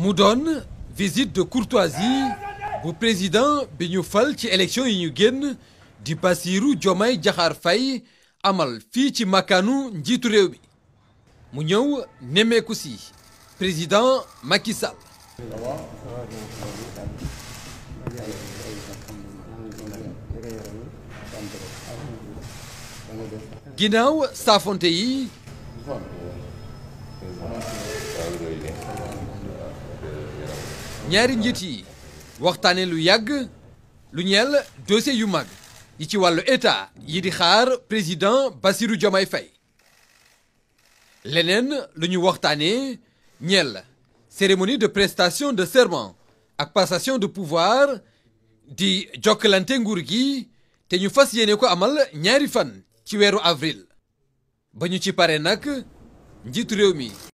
Moudon, visite de courtoisie au président de l'élection élection yi ñu amal Fichi Makanu makkaanu njiitu Nemekousi, président Makisal. Ginao, Safontei ñaari njiit yi waxtaane lu yàgg lu ñeel dossier yu mag yi ci wàllu état yi di xaar président Bassirou Diomaye Faye leneen lu ñu cérémonie de prestation de serment ak passation de pouvoir di jokkalante nguur gi te ñu fas yéene ko amal ñaari fan ci avril ba ñu ci pare